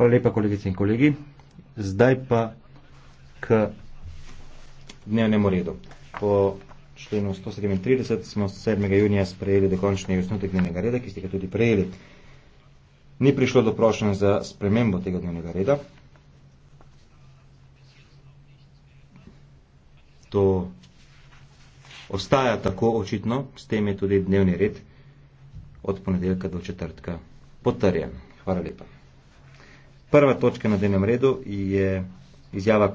Hvala lepa, kolegice in kolegi. Zdaj pa k dnevnemu redu. Po členu 137 smo 7. junija sprejeli dokončni osnutek dnevnega reda, ki ste ga tudi prejeli. Ni prišlo do prošljenja za spremembo tega dnevnega reda. To ostaja tako očitno, s tem je tudi dnevni red od ponedeljka do četrtka potrjen. Hvala lepa. Prva točka na dnevnem redu je izjava.